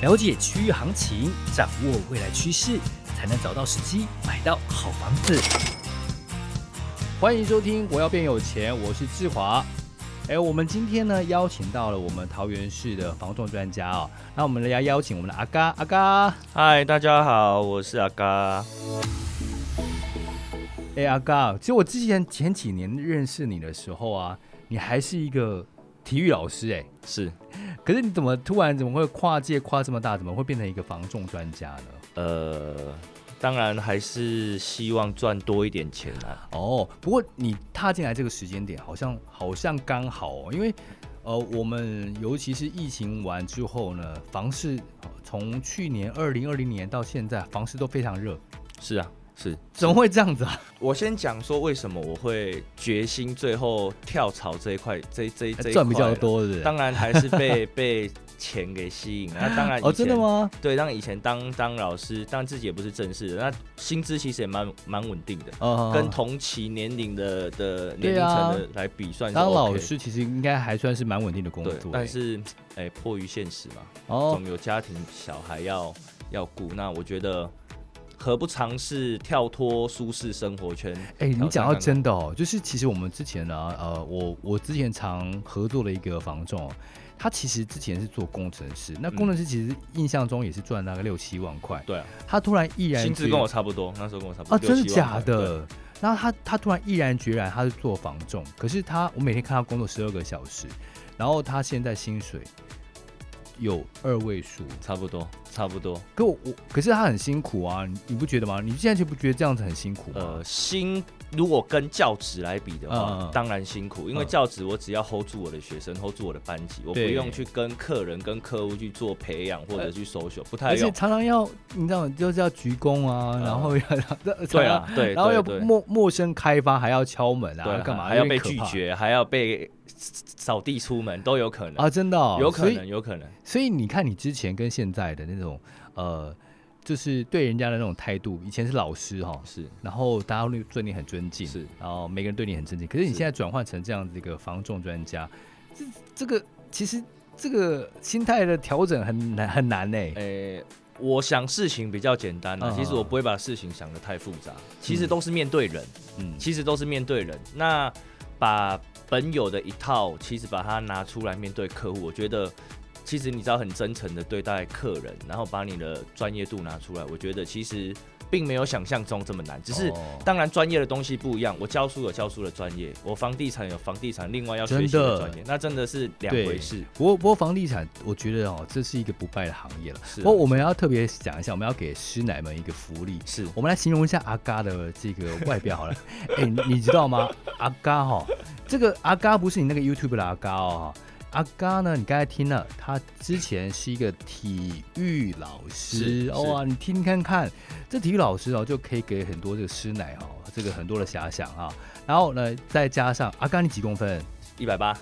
了解區域行情，掌握未來趨勢，才能找到時機買到好房子。歡迎收聽《我要變有錢》，我是志華。哎、欸，我們今天呢邀請到了我們桃園市的房仲專家啊、哦。那我們來邀請我們的阿嘉，阿嘉。嗨，大家好，我是阿嘉。哎、欸，阿嘉，其實我之前前幾年認識你的時候啊，你還是一個。體育老師哎、欸，是，可是你怎麼突然，怎麼會跨界，跨這麼大？怎麼會變成一個房仲專家呢？呃，當然還是希望賺多一點錢啦、啊。哦，不過你踏進來這個時間點好像好像剛好、哦，因為呃，我們尤其是疫情完之後呢，房市從、呃、去年二零二零年到現在，房市都非常熱。是啊。是，怎麼會這樣子啊？我先講說為什麼我會決心最後跳槽這一塊，這這這一塊賺比較多的，當然還是被 被錢給吸引了。那當然，哦，真的嗎？對，當然以前當當老師，當然自己也不是正式的，那薪資其實也蠻蠻穩定的哦哦哦，跟同期年齡的的年齡層的來比算。OK, 當老師其實應該還算是蠻穩定的工作、欸，但是哎、欸，迫於現實嘛，哦，總有家庭小孩要要顧，那我覺得。何不嘗試跳脫舒適生活圈？哎、欸，你講到真的哦、喔，就是其實我們之前呢，呃，我我之前常合作的一個房仲，他其實之前是做工程師，那工程師其實印象中也是賺大概六七萬塊。對、嗯、啊。他突然毅然，薪資跟我差不多，那時候跟我差不多。啊，真的假的？然後他他突然毅然決然，他是做房仲，可是他我每天看他工作十二個小時，然後他現在薪水。有二位數，差不多，差不多。可我，我，可是他很辛苦啊，你你不覺得嗎？你現在就不覺得這樣子很辛苦嗎？呃，辛。如果跟教職來比的話、嗯，當然辛苦，嗯、因為教職我只要 hold 住我的學生、嗯、，hold 住我的班級，我不用去跟客人、跟客戶去做培養或者去 social。不太。而且常常要你知道嗎？就是要鞠躬啊，嗯、然後要常常對啊，對對對，然後又陌陌生開發還要敲門啊，幹嘛？還要被拒絕，還要被掃地出門，都有可能啊！真的、哦，有可能，有可能。所以你看，你之前跟現在的那種，呃。就是對人家的那種態度，以前是老師哈，是，然後大家對你很尊敬，是，然後每個人對你很尊敬。可是你現在轉換成這樣子一個房仲專家，這這個其實這個心態的調整很難很難嘞、欸。誒、欸，我想事情比較簡單、啊啊，其實我不會把事情想得太複雜，其實都是面對人，嗯，其實都是面對人。那把本有的一套，其實把它拿出來面對客戶，我覺得。其實你只要很真誠的對待客人，然後把你的專業度拿出來，我覺得其實並沒有想象中這麼難。只是當然專業的東西不一樣，我教書有教書的專業，我房地產有房地產另外要學習的專業，真那真的是兩回事。不過不過房地產，我覺得哦，這是一個不敗的行業了。我、啊、我們要特別講一下，我們要給師奶們一個福利，是我們來形容一下阿嘎的這個外表好了。哎、 欸，你知道嗎？阿嘎哈、哦，這個阿嘎不是你那個 YouTube 的阿嘎哦。阿嘎呢？你剛才聽了，他之前是一個體育老師，哇！你聽看看，這體育老師哦，就可以給很多這個師奶哦，這個很多的遐想啊。然後呢，再加上阿嘎，你幾公分？一百八，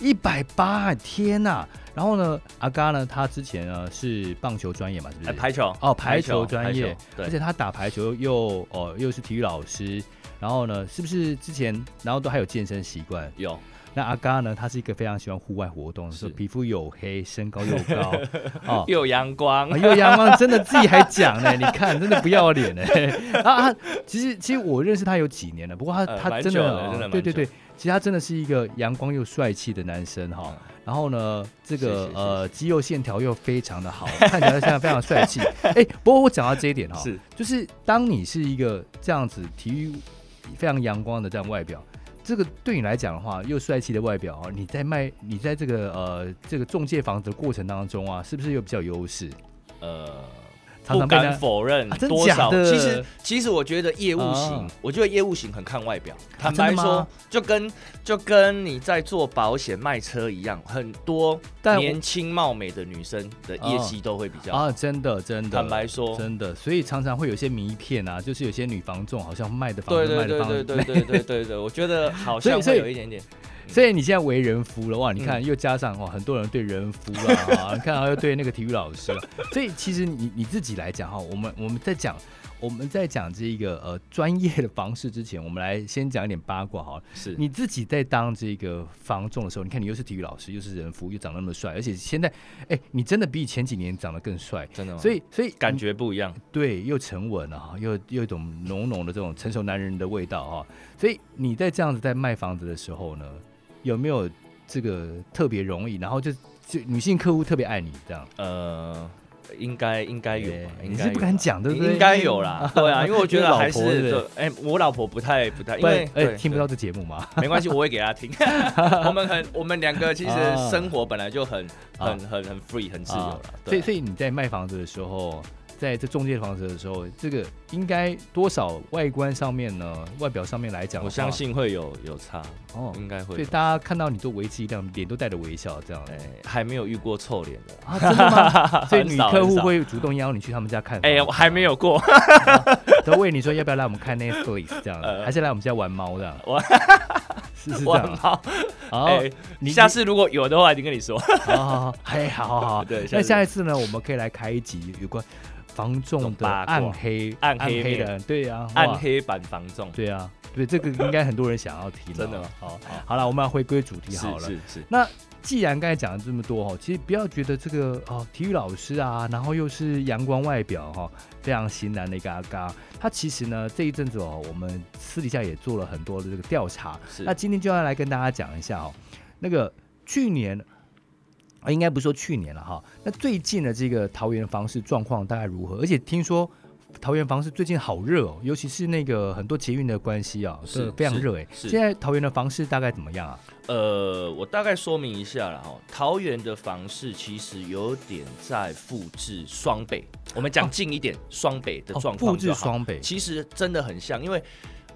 一百八，天哪！然後呢，阿嘎呢，他之前呢是棒球專業嘛，是不是？排球哦，排球專業，對，而且他打排球又哦，又是體育老師，然後呢，是不是之前，然後都還有健身習慣？有。那阿嘎呢，他是一個非常喜歡戶外活動的時候，皮膚黝黑，身高又高， 啊、又陽光，啊、又陽光，真的自己還講呢、欸。 你看，真的不要臉呢、欸。啊啊，其實其實我認識他有幾年了，不過他、呃、他真的、蠻久的、真的蠻久的，對對對，其實他真的是一個陽光又帥氣的男生哈、嗯喔。然後呢，這個謝謝，呃肌肉線條又非常的好， 看起來現在非常帥氣。哎、欸，不過我講到這一點哈、喔，是就是當你是一個這樣子體育非常陽光的這樣外表。這個對你來講的話，又帥氣的外表，啊，你在賣，你在這個呃這個仲介房子的過程當中啊，是不是又比較有優勢？呃。不敢否認，多少、啊，真的假的？其實，其實我覺得業務型、啊，我覺得業務型很看外表。坦白說，啊、就跟就跟你在做保險賣車一樣，很多年輕貌美的女生的業績都會比較好啊，真的，真的。坦白說，真的，所以常常會有些謎片啊，就是有些女房仲好像賣的房子，賣的房子對對對對對對對對，對， 我覺得好像會有一點點。所以你現在為人夫了哇！你看、嗯、又加上哇，很多人對人夫了啊、 哦！你看又對那個體育老師了。所以其實你你自己來講哈，我們我們在講我們在講這個呃專業的方式之前，我們來先講一點八卦哈。是你自己在當這個房仲的時候，你看你又是體育老師，又是人夫，又長那麼帥，而且現在哎、欸，你真的比前幾年長得更帥，真的嗎？所以所以感覺不一樣，嗯、對，又沉穩啊，又又一種濃濃的這種成熟男人的味道哈。所以你在這樣子在賣房子的時候呢？有沒有這個特別容易，然後就就女性客戶特別愛你這樣？呃，應該應該有吧應該有吧，你是不敢講，都應該有啦、嗯，對啊，因為我覺得還是哎、欸，我老婆不太不太，因為哎、欸，聽不到這節目嗎？沒關係，我會給她聽。 我們很，我們兩個其實生活本來就很 很很很 free，很自由了，啊。所以，所以你在賣房子的時候。在這中介房子的時候，這個應該多少外觀上面呢？外表上面來講，我相信會有有差哦，應該會。所以大家看到你都維持一樣臉，臉都帶着微笑，這樣哎，還沒有遇過臭臉的啊？真的嗎？所以女客戶會，會主動邀你去他們家看。哎我、啊、還沒有過， 都問你說要不要來我們看 Netflix 這樣、呃，還是來我們家玩貓的？貓 是是這樣。玩貓。好，欸、你下次如果有的話，一定跟你說。 好好好，哎、欸，好好好，對。那下一次呢，我們可以來開一集有關防仲的暗黑，暗黑，暗，黑暗黑的，對啊，暗黑版防仲，對啊，對，這個應該很多人想要聽， 真的哦，好了，我們要回歸主題好了，是是、是，那既然剛才講了這麼多，其實不要覺得這個哦，體育老師啊，然後又是陽光外表哈，非常型男的一個阿嘉。他其實呢，這一陣子哦，我們私底下也做了很多的這個調查是，那今天就要來跟大家講一下哦，那個去年。應該不是說去年了哈，那最近的這個桃園房市狀況大概如何？而且聽說桃園房市最近好熱哦，尤其是那個很多捷運的關係啊，是，是非常熱哎。現在桃園的房市大概怎麼樣啊？呃，我大概說明一下了哈，桃園的房市其實有點在複製雙北，我們講近一點，啊，雙北的狀況就好，啊，複製雙北，其實真的很像，因為。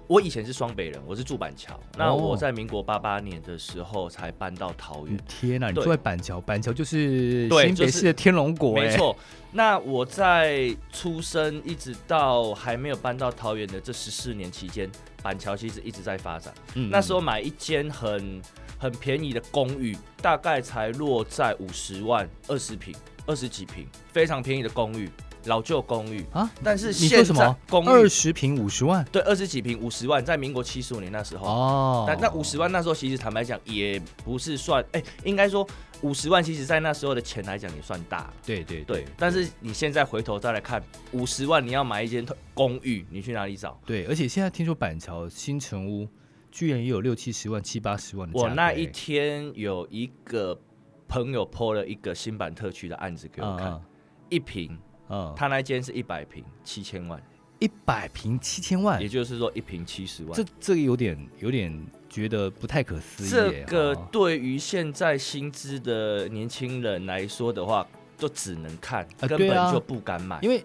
我以前是雙北人，我是住板橋，哦，那我在民國八八年的時候才搬到桃園，嗯。天哪，對，你住在板橋，板橋就是新北市的天龍國，就是。沒錯，那我在出生一直到還沒有搬到桃園的這十四年期間，板橋其實一直在發展。嗯嗯，那時候買一間很很便宜的公寓，大概才落在五十萬，二十坪，二十幾坪，非常便宜的公寓。老舊公寓啊，但是現在公寓二十坪五十萬，對，二十幾坪五十萬，在民國七十五年那時候哦，但那那五十萬那時候其實坦白講也不是算，哎，應該說五十萬其實在那時候的錢來講也算大，對對對,對,對。但是你現在回頭再來看，五十萬你要買一間公寓，你去哪裡找？對，而且現在聽說板橋新成屋居然也有六七十萬、七八十萬的。我那一天有一個朋友 po 了一個新板特區的案子給我看，嗯、一坪。嗯，他那間是一百平七千萬，一百平七千萬，也就是說一平七十萬。這這個有點有點覺得不太可思議。這個對於現在薪資的年輕人來說的話，就只能看、呃，根本就不敢買、呃啊。因為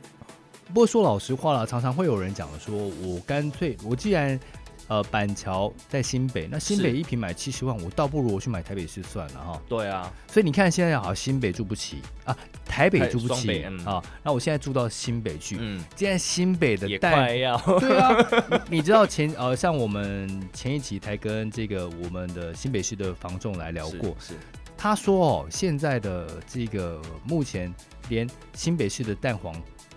不過說老實話啦，常常會有人講說，我乾脆我既然。呃，板橋在新北，那新北一平買七十萬，我倒不如我去買台北市算了哈。對啊，所以你看現在好、啊，新北住不起啊，台北住不起啊，那我現在住到新北去，嗯，現在新北的蛋 對啊，你知道前呃，像我們前一集才跟這個我們的新北市的房仲來聊過是，是，他說哦，現在的這個目前連新北市的蛋黃。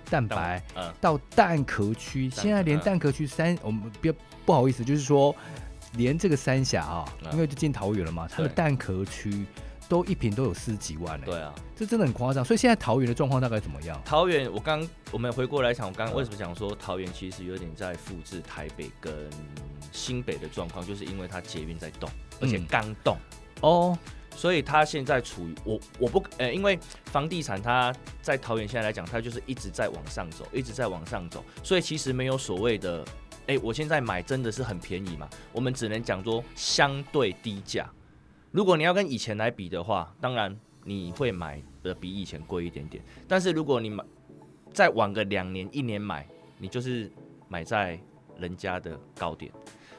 蛋白、嗯、到蛋殼區，現在連蛋殼區三、嗯，我們不不好意思，就是說連這個三峽啊、嗯，因為就進桃園了嘛，它的蛋殼區都一坪都有十幾萬呢、欸。對啊，這真的很誇張。所以現在桃園的狀況大概怎麼樣？桃園，我剛我們回過來想，我剛為什麼想說桃園其實有點在複製台北跟新北的狀況，就是因為它捷運在動，嗯、而且剛動哦。所以他現在處於我我不呃、欸，因為房地產它在桃園現在來講，它就是一直在往上走，一直在往上走。所以其實沒有所謂的，誒、欸，我現在買真的是很便宜嘛？我們只能講說相對低價。如果你要跟以前來比的話，當然你會買的比以前貴一點點。但是如果你買再晚個兩年一年買，你就是買在人家的高點。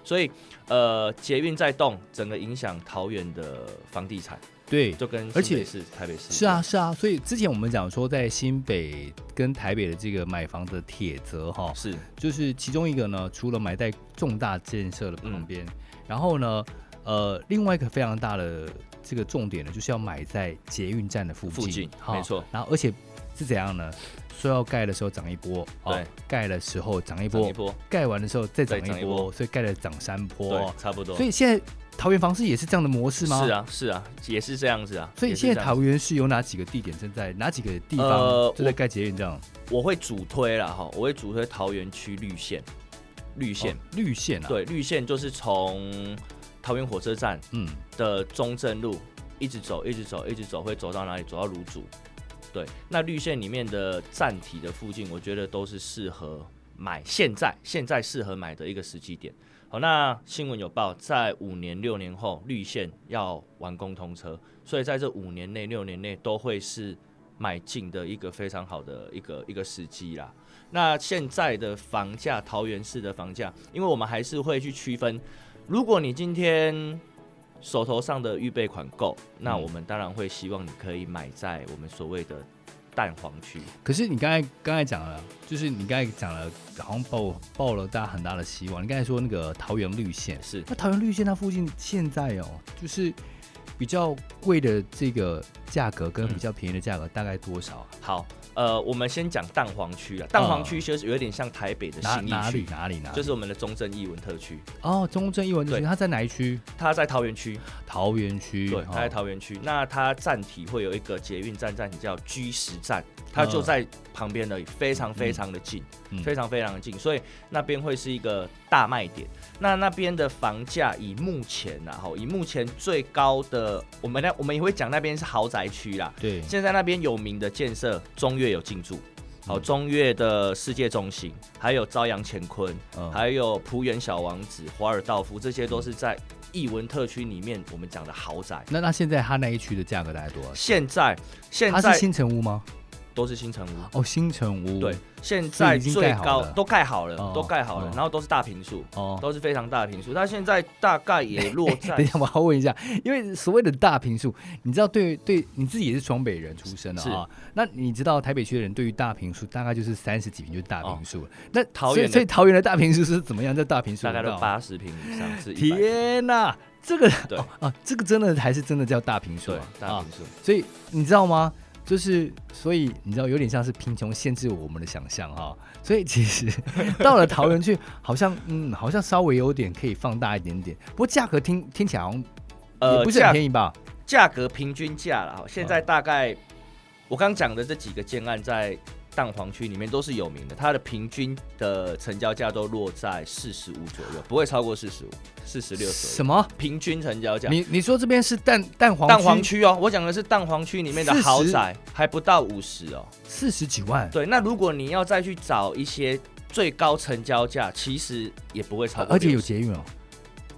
所以，呃，捷運在動，整個影響桃園的房地產，對，就跟而且是台北市，是啊，是啊。所以之前我們講說，在新北跟台北的這個買房的鐵則，哈、哦，是，就是其中一個呢，除了買在重大建設的旁邊、嗯，然後呢，呃，另外一個非常大的這個重點呢，就是要買在捷運站的附近附近，好、哦，沒錯。然後而且是怎樣呢？說要蓋的時候漲一波，對，蓋的時候漲一波，一蓋完的時候再漲一,一波，所以蓋了漲三波。對，差不多。所以現在桃園房市也是這樣的模式嗎？是啊，是啊，也是這樣子啊。所以現在桃園是有哪幾個地點正在哪幾個地方正在蓋捷運這樣、呃、我，我會主推了哈，我會主推桃園區綠線，綠線、哦，綠線啊，對，綠線就是從桃園火車站嗯的中正路、嗯、一直走，一直走，一直走，會走到哪裡？走到蘆竹。對，那綠線裡面的站體的附近，我覺得都是適合買。現在，現在適合買的一個時機點。好，那新聞有報，在五年、六年後，綠線要完工通車，所以在這五年內、六年內都會是買進的一個非常好的一個一個時機啦。那現在的房價，桃園市的房價，因為我們還是會去區分，如果你今天。手頭上的預備款夠，那我們當然會希望你可以買在我們所謂的蛋黃區。可是你剛才剛才講了，就是你剛才講了，好像抱抱了大家很大的希望。你剛才說那個桃園綠線是，那桃園綠線它附近現在哦，就是。比較貴的這個價格跟比較便宜的價格大概多少，啊嗯？好，呃，我們先講蛋黃區啊，蛋黃區就是有點像台北的信義區，哪裡哪裡呢？就是我們的中正藝文特區。哦，中正藝文特區，它在哪一區？它在桃園區。桃園區，對，它在桃園區，哦。那它站體會有一個捷運站站體叫 G10 站，它就在旁邊的，嗯，非常非常的近，嗯，非常非常的近，所以那邊會是一個大賣點。那那邊的房價以目前然、啊、後以目前最高的，我們呢我們也會講那邊是豪宅區啦。對，現在那邊有名的建設中越有進駐，好、嗯、中越的世界中心，還有朝陽乾坤，嗯、還有浦園小王子、華爾道夫，這些都是在藝文特區裡面我們講的豪宅。那那現在他那一區的價格大概多少？現在現在他是新成屋嗎？都是新成屋哦，新成屋對，現在最高都蓋好了，都蓋好了，哦好了哦、然後都是大坪數，哦，都是非常大坪數。它現在大概也落在， 等一下我要問一下，因為所謂的大坪數，你知道對於對於，你自己也是雙北人出身的啊、哦，那你知道台北區的人對於大坪數大概就是三十幾坪就是大坪數，哦哦、那桃園所，所以桃園的大坪數是怎麼樣？在大坪數大，大概到八十坪以上是天哪，這個對、哦、啊，這個真的還是真的叫大坪數啊，大坪數、啊。所以你知道嗎？就是，所以你知道，有點像是，貧窮限制我們的想象哈、哦。所以其實到了桃園去， 好像嗯，好像稍微有點可以放大一點點。不過價格聽聽起來好像，呃，不是很便宜吧？價、呃、格平均價了，現在大概我剛講的這幾個建案在。蛋黃區裡面都是有名的，它的平均的成交價都落在四十五左右，不會超過四十五，四十六左右。什麼？平均成交價？你你說這邊是蛋蛋黃區蛋黃區哦，我講的是蛋黃區裡面的豪宅，40? 還不到五十哦，四十幾萬。對，那如果你要再去找一些最高成交價，其實也不會超過，而且有捷運哦。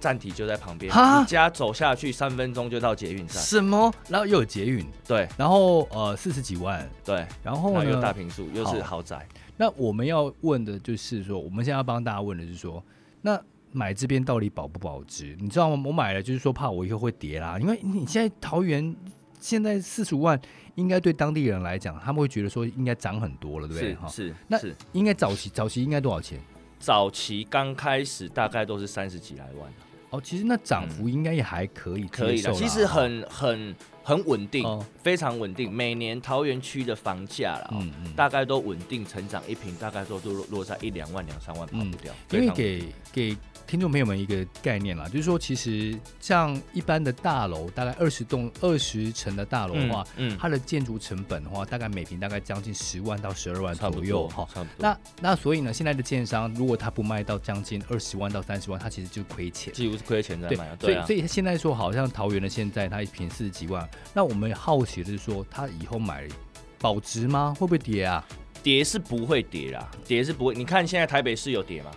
站體就在旁邊，你家走下去三分鐘就到捷運站。什麼？然後又有捷運，對。然後呃，四十幾萬，對。然後，然後又大坪數，又是豪宅。那我們要問的就是說，我們現在要幫大家問的是說，那買這邊到底保不保值？你知道嗎？我買了就是說怕我以後會跌啦，因為你現在桃園現在四十五萬，應該對當地人來講，他們會覺得說應該漲很多了，對不對？是是，是，那是應該早期早期應該多少錢？早期剛開始大概都是三十幾來萬。哦，其實那漲幅應該也還可以。嗯，可以啦。其實很很很穩定。哦，非常穩定。每年桃園區的房價啦、嗯嗯，大概都穩定成長一坪，大概都都落在一兩萬、兩三萬、嗯、跑不掉。因為，給給。給聽眾朋友們，一個概念啦，就是說，其實像一般的大樓，大概二十棟、二十層的大樓的話，嗯，嗯，它的建築成本的話，大概每平大概將近十萬到十二萬左右哈。差不多。那那所以呢，現在的建商如果他不賣到將近二十萬到三十萬，他其實就虧錢，幾乎是虧錢在賣。對，對啊。所以所以現在說，好像桃園的現在，它一平四十幾萬，那我們好奇的是說，它以後買保值嗎？會不會跌啊？跌是不會跌啊，跌是不會。你看現在台北市有跌嗎？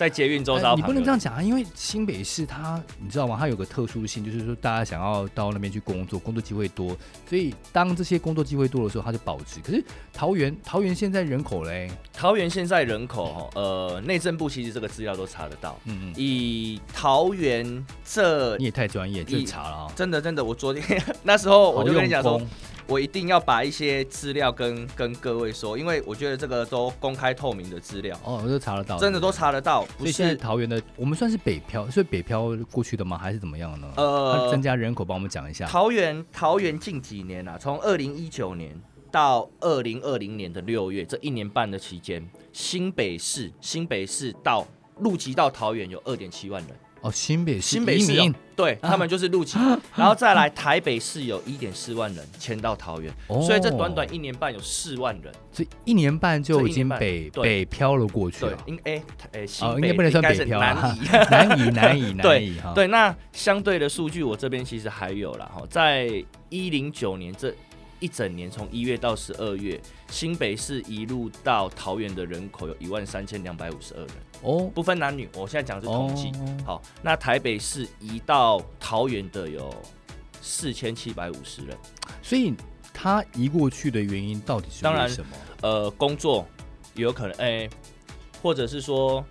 在捷運周遭、哎，你不能這樣講啊！因為新北市，它你知道嗎？它有個特殊性，就是說大家想要到那邊去工作，工作機會多，所以當這些工作機會多的時候，它就保值。可是桃園，桃園現在人口嘞？桃園現在人口，呃，內政部其實這個資料都查得到。嗯嗯。以桃園這，你也太專業，就查了啊！真的真的，我昨天 那時候我就跟你講說。我一定要把一些資料跟跟各位說，因為我覺得這個都公開透明的資料哦，我都查得到，真的都查得到，不是。所以桃園的我們算是北漂，所以北漂過去的嗎，還是怎麼樣呢？呃，增加人口，幫我們講一下。桃園，桃園近幾年啊，從二零一九年到二零二零年的六月，這一年半的期間，新北市，新北市到入籍到桃園有二點七萬人。哦，新北新北市，哦、對、啊，他們就是入籍，然後再來台北市有一點四萬人遷到桃園，哦，所以這短短一年半有四萬人，哦、所以這短短一年半就已經北北漂了過去了。應哎哎，新北應該、哦、不能算北漂啊，難以 難以難以對難以對、哦、對，那相對的數據我這邊其實還有了哈，在一零九年這。一整年從一月到十二月，新北市移入到桃園的人口有一萬三千兩百五十二人哦，oh. 不分男女，我現在講的是統計。Oh. 好，那台北市移到桃園的有四千七百五十人，所以他移過去的原因到底是什麼？當然，呃，工作有可能，哎、欸，或者是說。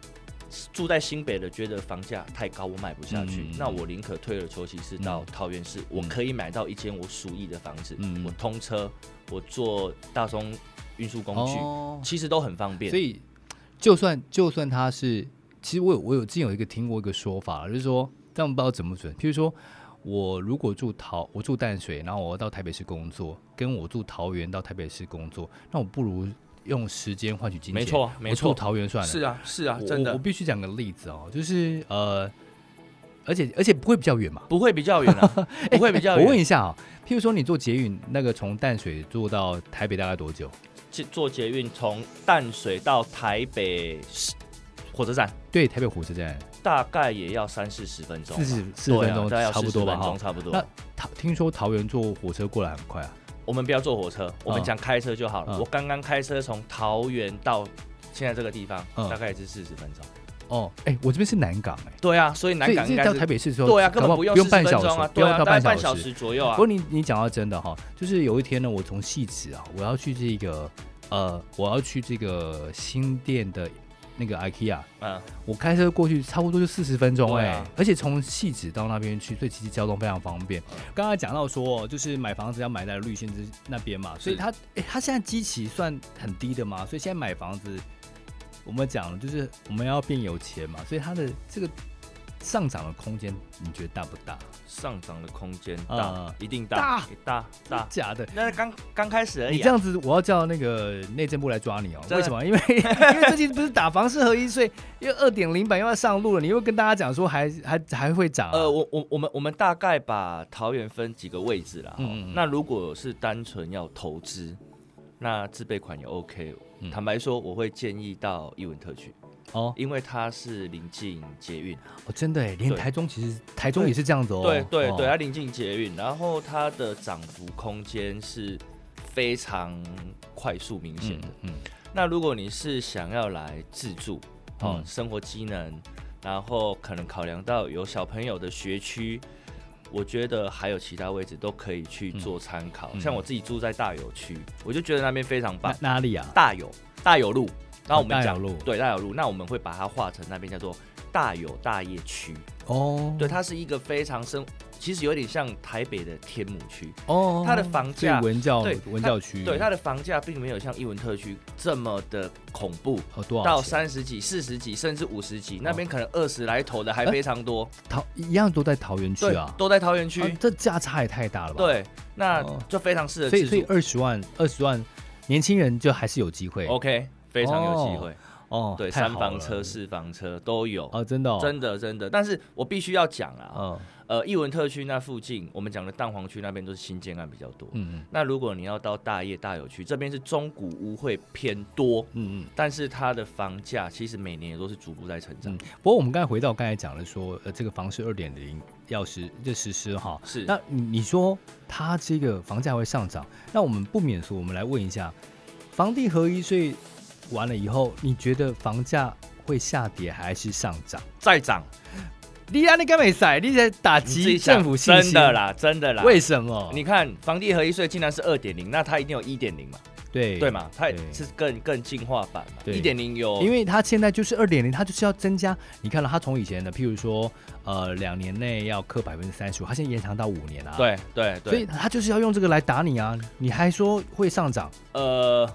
住在新北的覺得房價太高，我買不下去，嗯、那我寧可退了求其次到桃園市，嗯，我可以買到一間我屬意的房子，嗯，我通車，我做大眾運輸工具，哦，其實都很方便。所以，就算就算他是，其實我有我有曾有一個聽過一個說法，就是說，但我不知道準不準。譬如說我如果住桃，我住淡水，然後我要到台北市工作，跟我住桃園到台北市工作，那我不如。用時間換取金錢，沒錯，沒錯。桃園算了，是啊，是啊，真的。我必須講個例子哦，就是呃，而且而且不會比較遠嘛，不會比較遠啊、 欸。不會比較、欸。我問一下啊、哦，譬如說你坐捷運，那個從淡水坐到台北大概多久？坐捷運從淡水到台北火車站，對，台北火車站，大概也要三四十分鐘，四十四十分鐘、啊，差不多吧，差不多。那桃，聽說桃園坐火車過來很快啊。我們不要坐火車，嗯、我們講開車就好了。嗯、我剛剛開車從桃園到現在這個地方，嗯、大概也是四十分鐘。哦，哎、欸，我這邊是南港哎、欸，對啊，所以南港應該到台北市之後，對啊，根本不用不用、啊啊、半小時啊，不用到半小時左右啊。不過你你講到真的哈，就是有一天呢，我從汐止啊，我要去這個呃，我要去這個新店的。那個 IKEA，嗯，我開車過去差不多就四十分鐘哎、欸啊，而且從汐止到那邊去，所以其實交通非常方便。剛剛講到說，就是買房子要買在綠線之那邊嘛，所以他，他、欸、現在基期算很低的嘛，所以現在買房子，我們講就是我們要變有錢嘛，所以他的這個。上漲的空間你覺得大不大？上漲的空間大、嗯，一定大，大、欸、大，大是是假的。那剛剛開始而已、啊。你這樣子，我要叫那個內政部來抓你哦、喔。為什麼？因為 因為最近不是打房是合一稅，因為二點零版又要上路了，你又跟大家講說還還還會漲、啊。呃，我我我們我們大概把桃園分幾個位置啦、嗯。那如果是單純要投資，那自備款也 OK、嗯。坦白說，我會建議到藝文特區。哦、oh，因為它是臨近捷運哦，oh, 真的誒，連台中其實台中也是這樣的哦、喔。對對對，它、oh. 臨近捷運，然後它的漲幅空間是非常快速明顯的嗯。嗯，那如果你是想要來自住，哦、嗯嗯，生活機能，然後可能考量到有小朋友的學區，我覺得還有其他位置都可以去做參考、嗯嗯。像我自己住在大有區，我就覺得那邊非常棒。哪裡啊？大有大有路。啊、那我們講路，對大有路，那我們會把它畫成那邊叫做大有大業區哦，oh. 對，它是一個非常深，其實有點像台北的天母區哦、oh.，它的房價對文教區，對它的房價並沒有像藝文特區這麼的恐怖，oh, 多到三十幾、四十幾，甚至五十幾，oh. 那邊可能二十來頭的還非常多，桃、欸、一樣都在桃園區啊，都在桃園區、啊，這價差也太大了吧？對，那就非常適合、oh. 所，所以所以二十萬、二十萬年輕人就還是有機會，OK。非常有機會哦,哦，對，三房車四房車都有啊、哦，真的、哦、真的真的。但是我必須要講啊、嗯，呃，藝文特區那附近，我們講的蛋黃區那邊都是新建案比較多。嗯嗯，那如果你要到大業大有區這邊是中古屋會偏多，嗯嗯，但是它的房價其實每年也都是逐步在成長。嗯、不過我們剛才回到剛才講的說，呃，這個房市二點零要實就實施哈，是那你說它這個房價會上漲，那我們不免俗，我們來問一下，房地合一稅。完了以後，你覺得房價會下跌還是上漲？再漲？你啊，你干沒晒？你在打擊政府信息？真的啦，真的啦。為什麼？你看，房地合一稅竟然是二點零，那它一定有一點零嘛？對對嘛？它也是更更進化版嘛？一點零有，因為它現在就是二點零，它就是要增加。你看到它從以前的，譬如說，呃，兩年內要課百分之三十五，它現在延長到五年啊。對對對。所以它就是要用這個來打你啊！你還說會上漲？呃。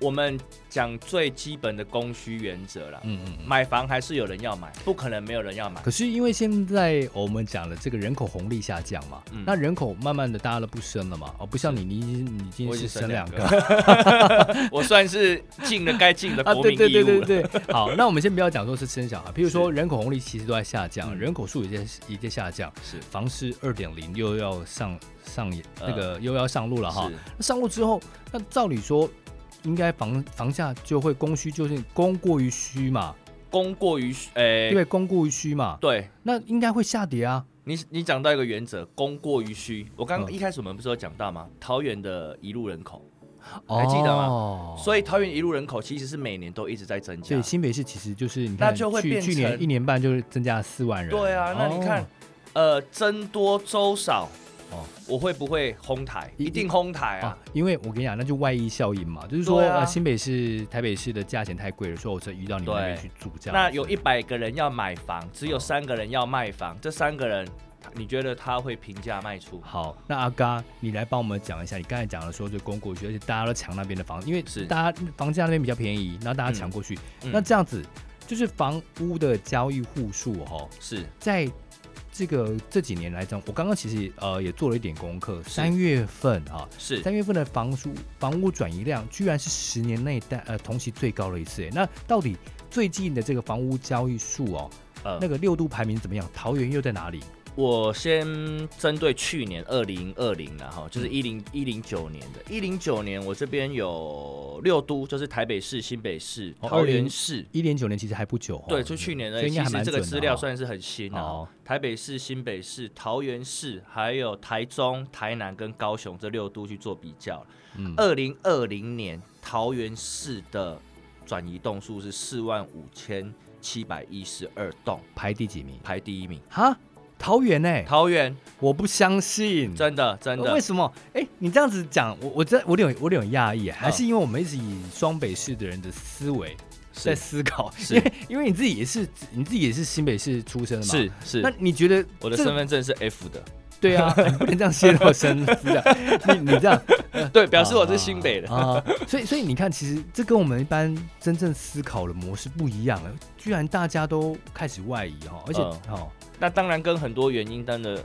我們講最基本的供需原則了，嗯嗯，買房還是有人要買，不可能沒有人要買。可是因為現在我們講了這個人口紅利下降嘛，嗯、那人口慢慢的大家都不生了嘛，哦，不像你，你你已經是生兩個，我，個 我算是盡了該盡的國民義務了、 啊、對對對對對，對好， 那我們先不要講說是生小孩，譬如說人口紅利其實都在下降，嗯、人口數也在也在下降，是房市二點零又要上上，上、呃、那個又要上路了哈，那上路之後，那照理說。.應該房房價就會，供需，就是供過於需嘛，供過於需，誒、欸，供過於需嘛，對，那應該會下跌啊。你你講到一個原則，供過於需。我剛剛一開始我們不是有講到嗎？嗯、桃園的移入人口，還記得嗎？哦、所以桃園移入人口其實是每年都一直在增加。所以新北市其實就是你看去，去年一年半就是增加了四萬人。對啊，那你看，哦、呃，僧多粥少。哦，我會不會哄抬？一定哄抬啊，啊！因為我跟你講，那就外溢效應嘛，就是說、啊啊、新北市、台北市的價錢太貴了，所以我才移到你那邊去住。這樣，那有一百個人要買房，只有三個人要賣房，哦、這三個人，你覺得他會平價賣出？好，那阿嘎你來幫我們講一下，你剛才講了說，就攻過去，而且大家都搶那邊的房子，因為是大家房價那邊比較便宜，然後大家搶過去、嗯嗯。那這樣子，就是房屋的交易戶數，哈，是在。這個這幾年來講，我剛剛其實呃也做了一點功課。三月份啊，是三月份的房屋房屋轉移量，居然是十年內但呃同期最高的一次。那到底最近的這個房屋交易數哦，呃、那個六都排名怎麼樣？桃園又在哪裡？我先針對去年二零二零，然後就是一零一零九年的，一零九年，我這邊有六都，就是台北市、新北市、桃園市。哦、一零九年其實還不久、哦，對，就去年而已所以的、哦。其實這個資料算是很新哦、啊。台北市、新北市、桃園市，還有台中、台南跟高雄這六都去做比較。二零二零年桃園市的轉移棟數是四萬五千七百一十二棟，排第幾名？排第一名。哈？桃園呢、欸？桃園，我不相信，真的真的，為什麼？哎、欸，你這樣子講，我我我有點我點我有點訝異、啊、還是因為我們一直以雙北市的人的思維在思考，是因為因為你自己也是你自己也是新北市出生的嘛，是是，那你覺得我的身份證是 F 的？對啊， 你，你這樣泄露身份啊？你你這樣對，表示我是新北的啊，啊，所以所以你看，其實這跟我們一般真正思考的模式不一樣了，居然大家都開始外移哈，而且、啊那當然跟很多原因，真的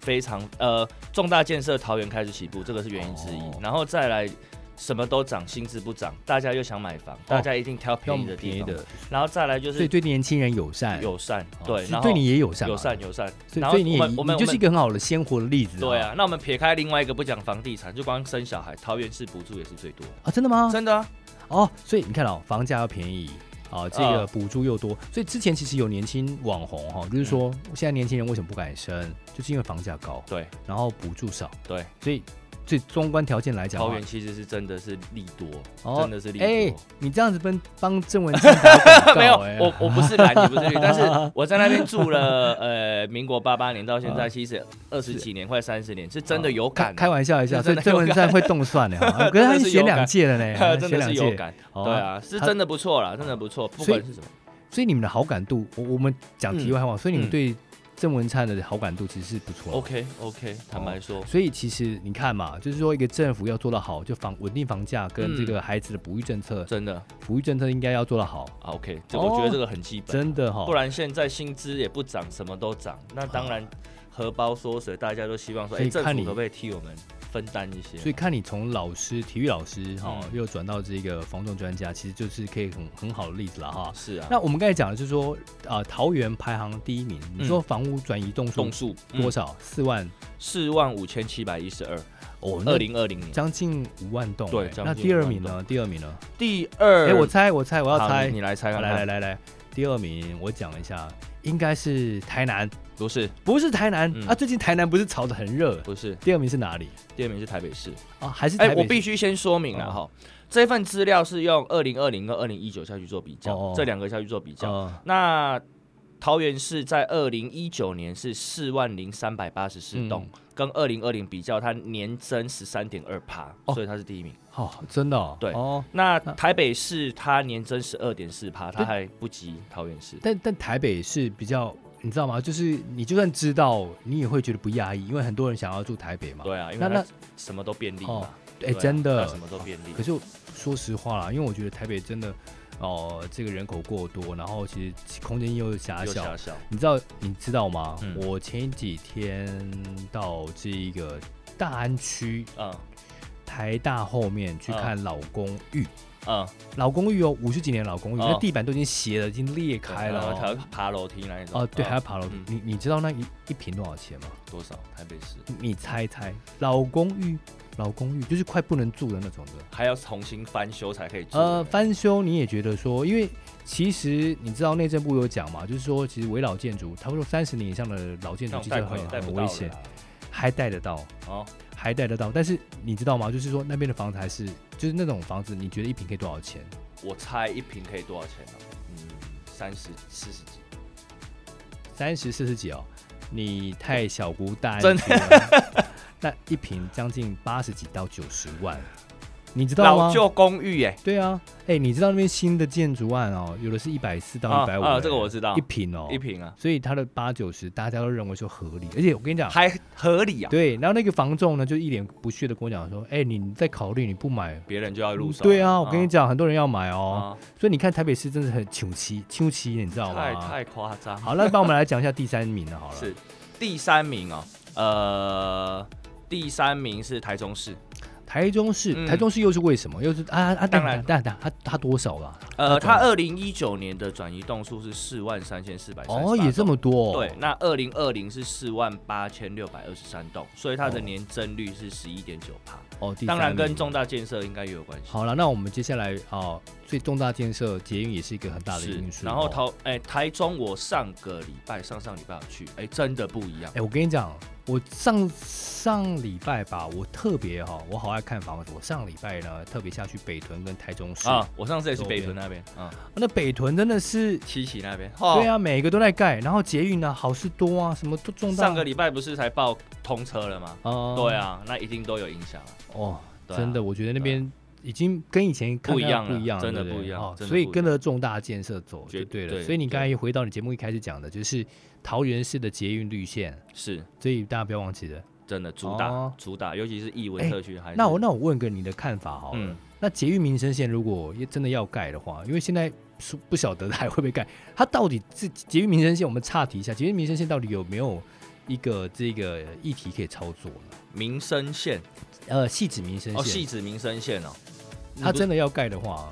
非常呃重大建設，桃園開始起步，這個是原因之一。哦、然後再來什麼都漲，薪資不漲，大家又想買房，大家一定挑便宜的地方、哦。然後再來就是所以對年輕人友善，友善對，哦、對你也友善，友善友善。友善所以然後所以你也我們你就是一個很好的鮮活的例子、啊。對啊，那我們撇開另外一個不講房地產，就光生小孩，桃園市補助也是最多啊？真的嗎？真的啊！哦，所以你看哦，房價要便宜。啊，這個補助又多，oh. 所以之前其實有年輕網紅哈，就是說現在年輕人為什麼不敢生？嗯，就是因為房價高，對，然後補助少，對，所以。最中觀條件來講，桃園其實是真的是利多，哦、真的是利多。欸、你這樣子幫幫鄭文燦、欸、 沒有，我我不是來，你不是 但是我在那邊住了 呃，民國八八年到現在，其實二十幾年，快三十年，是真的有感的開。開玩笑一下，所以鄭文燦會動算了、欸， 可是他是演兩屆了呢、欸，連兩屆，對啊，是真的不錯了、啊，真的不錯。不管是什麼，所以你們的好感度，我我們講題外話、嗯，所以你們對、嗯。鄭文燦的好感度其實是不錯。OK OK，、哦、坦白說，所以其實你看嘛，就是說一個政府要做得好，就房穩定房價跟這個孩子的補育政策，嗯、真的，補育政策應該要做得好。OK，我覺得這個很基本，真的哈，不然現在薪資也不漲，什麼都漲、哦，那當然、嗯、荷包縮水，大家都希望說，哎、欸，政府可不可以替我們？分擔一些、啊，所以看你從老師、體育老師，哈、哦，又轉到這個房仲專家，其實就是可以很很好的例子了哈。是啊，那我們剛才講的就是說，啊、呃，桃園排行第一名、嗯，你說房屋轉移棟數多少？四、嗯、萬四萬五千七百一十二，哦，二零二零年、哦、將近五萬棟、欸。對棟，那第二名呢？第二名呢？第二，哎，我猜，我猜，我要猜，你來猜看看，來來來來。第二名，我講一下，應該是台南，不是，不是台南、嗯、啊，最近台南不是炒得很熱？不是，第二名是哪裡？第二名是台北市啊。哦，還是台北市？哎、欸，我必須先說明了哈、嗯，這份資料是用二零二零跟二零一九下去做比較，哦、這兩個下去做比較，哦、那桃園市在二零一九年是四萬零三百八十四棟，跟二零二零比較，它年增十三點二趴，所以它是第一名。哦，真的，哦。對哦。那台北市它年增十二點四趴，它還不及桃園市。但但台北市比較，你知道嗎？就是你就算知道，你也會覺得不訝異，因為很多人想要住台北嘛。對啊，因為那那什麼都便利嘛。哎、哦，真的，什麼都便利、哦。可是說實話啦，因為我覺得台北真的，哦、呃，這個人口過多，然後其實空間又狹小。狹小，你知道？你知道嗎？嗯、我前幾天到這一個大安區啊。嗯台大後面去看老公寓，嗯、啊，老公寓有五十幾年老公寓，啊，那地板都已經斜了，已經裂開了，他、啊、要爬樓梯來，哦、啊，對，還要爬樓梯。嗯、你你知道那一一坪多少錢嗎？啊、多少？台北市你？你猜猜？老公寓，老公寓就是快不能住的那種的，還要重新翻修才可以住。呃、啊，翻修你也覺得說，因為其實你知道內政部有講嘛，就是說其實危老建築，差不多三十年以上的老建築其實很很危險。還帶得到哦，還帶得到，但是你知道嗎？就是說那邊的房子還是就是那種房子，你覺得一坪可以多少錢？我猜一坪可以多少錢、啊？嗯，三十四十幾，三十四十幾哦，你太小姑大、欸，真的，那一坪將近八十幾到九十萬。你知道嗎？老舊公寓耶、欸，對啊，哎，你知道那邊新的建築案哦，有的是一百四到一百五，這個我知道，一坪哦，一坪啊，所以它的八九十大家都認為說合理，而且我跟你講還合理啊，對，然後那個房仲呢就一臉不屑的跟我講說，哎，你再考慮你不買，別人就要入手，對啊，我跟你講、啊、很多人要買哦、啊，所以你看台北市真的很清晰清晰你知道嗎？太太誇張，好，那幫我們來講一下第三名了好了， 是第三名哦，呃，第三名是台中市。台中市，台中市又是為什麼？嗯、又是啊啊！當然，當然，他他多少了？呃，他二零一九年的轉移棟數是四萬三千四百。哦，也這麼多、哦。對，那二零二零是四萬八千六百二十三棟，所以它的年增率是十一點九帕。哦，當然跟重大建設應該也有關係。好啦，那我們接下來啊，最、哦、重大建設捷運也是一個很大的因素。然後台，哎、哦欸，台中，我上個禮拜、上上禮拜去，哎、欸，真的不一樣。哎、欸，我跟你講。我上上禮拜吧，我特別哈，我好愛看房子。我上禮拜呢，特別下去北屯跟台中市啊。我上次也是北屯那邊、嗯、啊。那北屯真的是七期那邊、哦，對啊，每個都在蓋。然後捷運呢，好市多啊，什麼都重大。上個禮拜不是才報通車了嗎？啊、哦，對啊，那一定都有影響。哦，對啊、真的對、啊，我覺得那邊已經跟以前看不一樣了，不一樣，真不一樣，對不對，真的不一樣。哦、所以跟着重大建設走就對了。對對對，所以你剛才一回到你節目一開始講的，就是。桃園市的捷運綠線是，所以大家不要忘記了，真的主打、哦、主打，尤其是藝文特區、欸。還是那我那我問個你的看法哈。嗯。那捷運民生線如果也真的要蓋的話，因為現在不不曉得它會不會蓋，它到底這捷運民生線，我們岔題一下，捷運民生線到底有沒有一個這個議題可以操作呢？民生線，呃，汐止民生線汐止民生線，哦，它真的要蓋的話。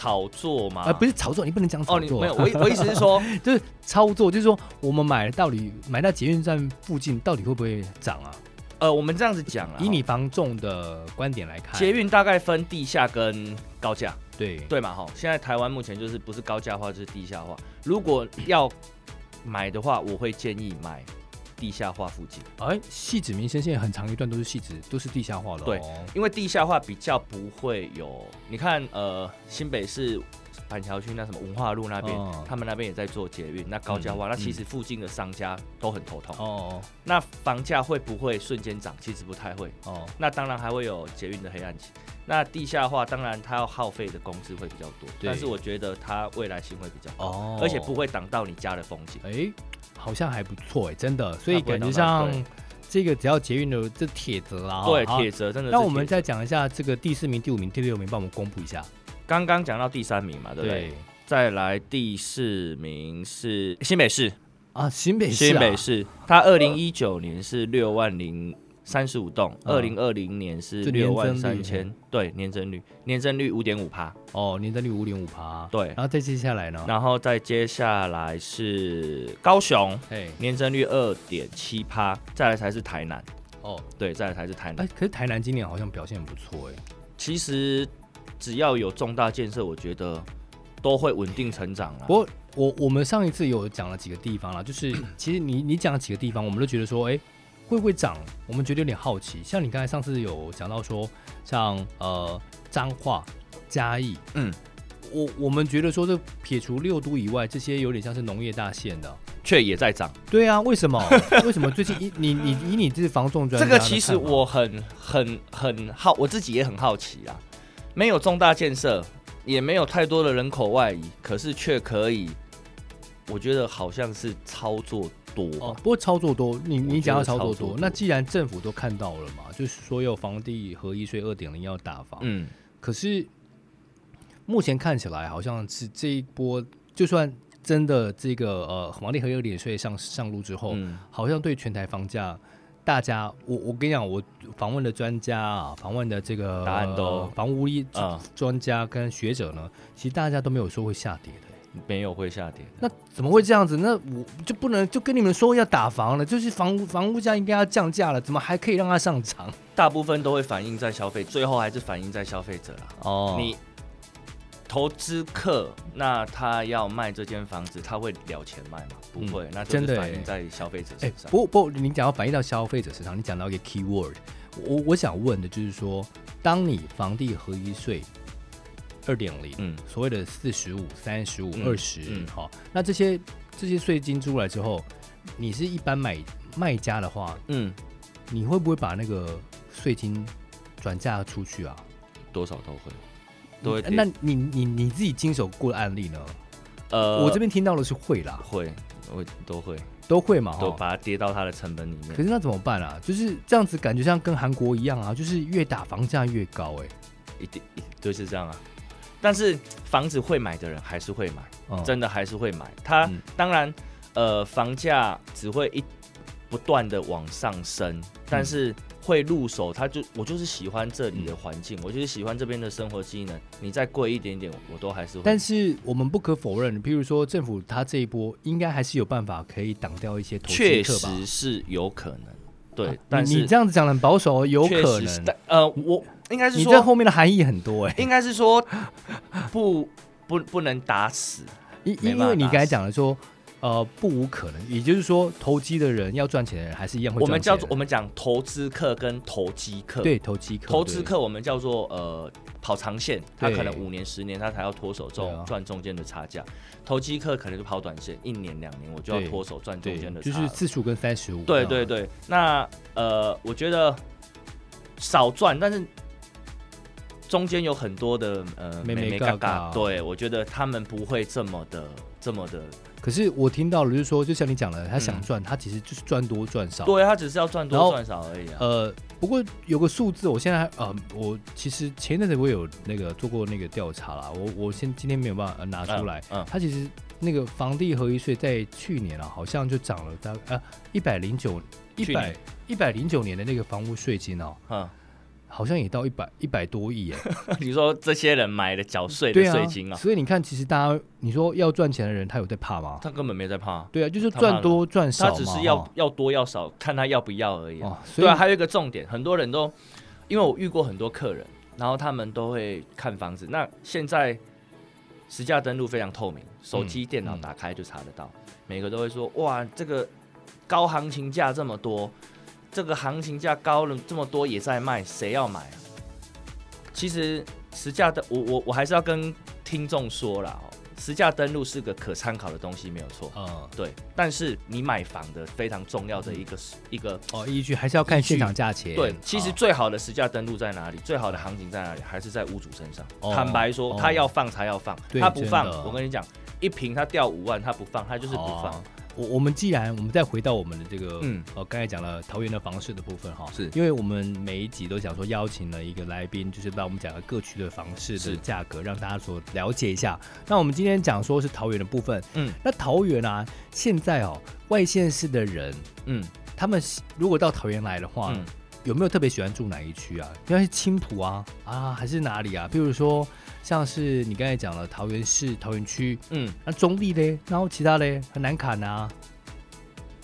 炒作嗎、呃？不是炒作，你不能講炒作、哦你。沒有，我我意思是說， 就是操作，就是說，我們買到底買到捷運站附近，到底會不會漲啊？呃，我們這樣子講啊，以你房仲的觀點來看，捷運大概分地下跟高架。對對嘛？哈，現在台灣目前就是不是高架化，就是地下化。如果要買的話，我會建議買。地下化附近，哎，汐止民生現在很長一段都是汐止，都是地下化的、哦。對，因為地下化比較不會有，你看，呃，新北市板橋區那什麼文化路那邊，哦、他們那邊也在做捷運，那高架化、嗯，那其實附近的商家都很頭痛。哦，那房價會不會瞬間漲？其實不太會。哦，那當然還會有捷運的黑暗期。那地下化當然它要耗費的工資會比較多，對但是我覺得它未來性會比較高、哦，而且不會擋到你家的風景。哎。好像還不錯哎、欸，真的，所以感覺上這個只要捷運的這鐵則啦。對，鐵則真的是鐵則。那我們再講一下這個第四名、第五名、第六名，幫我們公布一下。剛剛講到第三名嘛，對不對，對？再來第四名是新北市啊，新北、啊、新北市，他二零一九年是六萬零。三十五棟，二零二零年是六萬三千，對，年增率，年增率五點五趴。哦，年增率五點五趴，對。然後再接下來呢？然後再接下來是高雄，哎，年增率二點七趴，再來才是台南。哦，對，再來才是台南。哎、欸，可是台南今年好像表現很不錯哎、欸。其實只要有重大建設，我覺得都會穩定成長了。不過我我們上一次有講了幾個地方啦，就是 其實你你講了幾個地方，我們都覺得說，哎、欸。會不會漲？我們覺得有點好奇。像你剛才上次有講到說，像呃彰化、嘉義，嗯，我我們覺得說，這撇除六都以外，這些有點像是農業大縣的，卻也在漲。對啊，為什麼？ 為什麼最近以你你以你這房仲專家這個其實我很很很好，我自己也很好奇啊。沒有重大建設，也沒有太多的人口外移，可是卻可以，我覺得好像是操作。多哦、啊，不過操作多，你你講的操作多，多，那既然政府都看到了嘛，就是所有房地合一稅二點零要打房。嗯，可是目前看起來好像是這一波，就算真的這個呃房地合一稅上上路之後、嗯，好像對全台房價，大家我我跟你講，我訪問的專家啊，訪問的這個答案都、呃、房屋一專、啊、家跟學者呢，其實大家都沒有說會下跌的。沒有會下跌，那怎麼會這樣子呢？那我就不能就跟你們說要打房了，就是房屋房屋價應該要降價了，怎麼還可以讓它上漲？大部分都會反映在消費，最後還是反映在消費者了。哦，你投資客那他要賣這間房子，他會了錢賣嗎？不會，嗯、那真的反映在消費者身上。欸欸、不不，你講要反映到消費者身上，你講到一個 keyword，我我想問的就是說，當你房地合一稅。二點零，嗯，所謂的四十五、三十五、二十，嗯，好，那這些這些稅金出來之後，你是一般買賣，賣家的話，嗯，你會不會把那個稅金轉嫁出去啊？多少都會，都會、啊。那你你你，你自己經手過的案例呢？呃，我這邊聽到的是會啦，會，會都會，都會嘛，都把它跌到它的成本裡面。可是那怎麼辦啊？就是這樣子，感覺像跟韓國一樣啊，就是越打房價越高、欸，哎，一定就是這樣啊。但是房子會買的人還是會買，哦、真的還是會買。他當然，嗯、呃，房價只會一不斷的往上升、嗯，但是會入手。他就我就是喜歡這裡的環境、嗯，我就是喜歡這邊的生活機能。你再貴一點點我，我都還是會。但是我們不可否認，譬如說政府他這一波應該還是有辦法可以擋掉一些投機客吧？確實是有可能，對。啊、但是你這樣子講很保守，有可能。呃，我。應該是說，你這後面的含義很多哎、欸。應該是說，不不不能打死，因 因為，你剛才講了說，呃，不無可能。也就是說，投機的人要賺錢的人還是一樣會的。我們叫做我們講投資客跟投機客。對，投機客，投資客我們叫做呃跑長線，他可能五年十年他才要脫手賺賺中間、啊、的差價。投機客可能是跑短線，一年兩年我就要脫手賺中間的差，就是次數跟三十五。對對對，哦、那呃，我覺得少賺，但是。中間有很多的呃，妹妹尷尬。對，我覺得他們不會這麼的，這麼的。可是我聽到了，就是說，就像你講的，他想賺、嗯，他其實就是賺多賺少。對，他只是要賺多賺少而已、啊。呃，不過有個數字，我現在還呃，我其實前一陣子我有那個做過那個調查了，我我先今天沒有辦法拿出來。嗯。嗯，他其實那個房地合一稅在去年啊，好像就漲了大概一百零九，一百一百零九年的那個房屋稅金哦、啊。嗯。好像也到一百一百多億哎， 你說這些人買了稅的繳稅的稅金啊，對啊。所以你看，其實大家你說要賺錢的人，他有在怕嗎？他根本沒在怕。對啊，就是賺多賺少，他只是要要多要少，看他要不要而已，啊啊。對啊，還有一個重點，很多人都因為我遇過很多客人，然後他們都會看房子。那現在實價登錄非常透明，手機、電腦打開就查得到。嗯嗯、每個都會說，哇，這個高行情價這麼多。這個行情價高了這麼多也在賣，誰要買啊？其實實價的，我我我還是要跟聽眾說了哦，實價登錄是個可參考的東西，沒有錯。嗯，對。但是你買房的非常重要的一個、嗯、一個哦依據，還是要看現場價錢。對，哦、其實最好的實價登錄在哪裡？最好的行情在哪裡？還是在屋主身上。哦、坦白說，哦、他要放才要放，他不放。我跟你講，一坪他掉五萬，他不放，他就是不放。我我們既然我們再回到我們的這個，嗯，哦、呃，剛才講了桃園的房市的部分哈，是因為我們每一集都講說邀請了一個來賓，就是把我們講的各區的房市的價格，讓大家所了解一下。那我們今天講說是桃園的部分，嗯，那桃園啊，現在哦，外縣市的人，嗯，他們如果到桃園來的話。嗯有沒有特別喜歡住哪一區啊？應該是青埔啊啊，還是哪裡啊？比如說像是你剛才講了桃園市桃園區，嗯，那、啊、中壢嘞，然後其他嘞很難砍吶、啊。